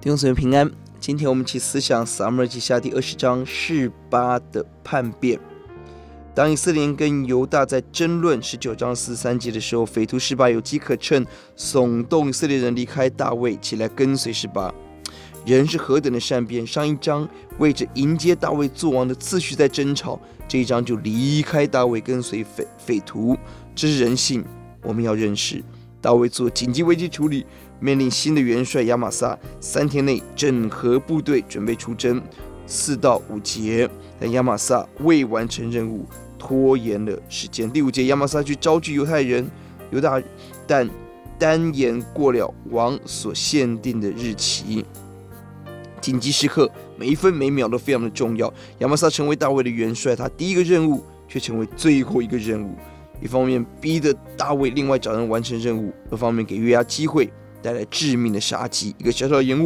聽眾朋友平安，今天我們一起思想撒母耳記下第二十章示巴的叛變。當以色列人跟猶大在爭論十九章四三節的時候，匪徒示巴有機可乘，聳動以色列人離開大衛，起來跟隨示巴。人是何等的善變，上一章為着迎接大衛做王的次序在爭吵，這一章就離開大衛跟隨匪匪徒，這是人性，我們要認識。大衛做緊急危機處理，命令新的元帥亞瑪撒三天內整合部隊，準備出征。四到五節，但亞瑪撒未完成任務，拖延了時間。第五節，亞瑪撒去招聚猶太人、猶大，但耽延過了王所限定的日期。緊急時刻，每一分每秒都非常的重要。亞瑪撒成為大衛的元帥，他第一個任務卻成為最後一個任務。一方面逼得大衛另外找人完成任務，一方面給約押機會，帶來致命的殺機。一個小小的延誤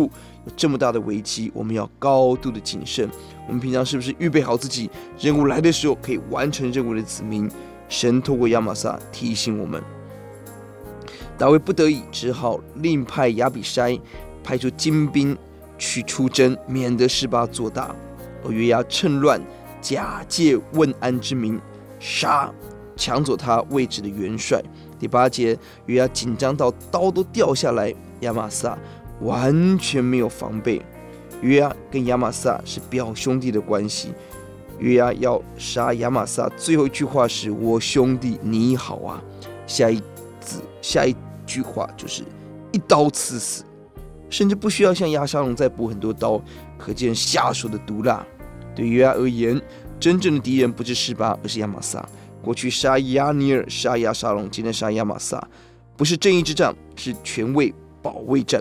有這麼大的危機，我們要高度的謹慎。我們平常是不是預備好自己，任務來的時候可以完成任務的子民？神透過亞瑪撒提醒我們。大衛不得已只好另派亞比篩派出精兵去出征，免得示巴坐大。而約押趁亂假借問安之名殺。搶走他位置的元帥。第八節，約押緊張到刀都掉下來，亞瑪撒完全沒有防備。約押跟亞瑪撒是表兄弟的關係。約押要殺亞瑪撒，最後一句話是，我兄弟你好啊，下一字、下一句話就是一刀刺死，甚至不需要像押沙龍再補很多刀，可見下手的毒辣。對約押而言，真正的敵人不是示巴，而是亞瑪撒。過去殺押尼珥，殺押沙龍，今天殺亞瑪撒，不是正義之戰，是權位保衛戰。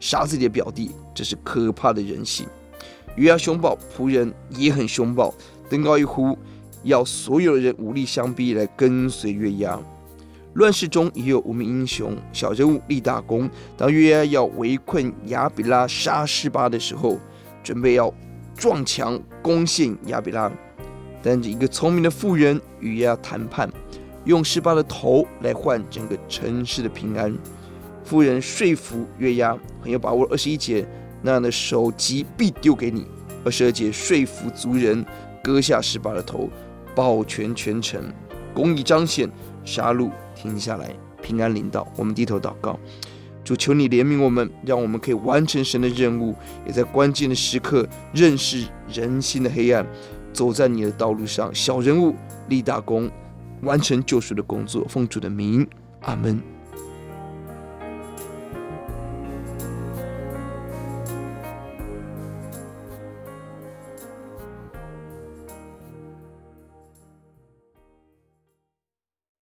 殺自己的表弟，這是可怕的人性。約押兇暴，僕人也很兇暴。登高一呼，要所有的人武力相逼來跟隨約押。亂世中也有無名英雄，小人物立大功。當約押要圍困亞比拉殺示巴的時候，準備要撞牆攻陷亞比拉。但着一個聰明的婦人與約押談判，用示巴的頭來換整個城市的平安。婦人說服約押很有把握。二十一節，那人的首級必丟給你。二十二節說服族人，割下示巴的頭，保全全城，公義彰顯，殺戮停下來，平安臨到。我們低頭禱告，主求你憐憫我們，讓我們可以完成神的任務，也在關鍵的時刻認識人心的黑暗，走在你的道路上，小人物立大功，完成救贖的工作，奉主的名，阿門。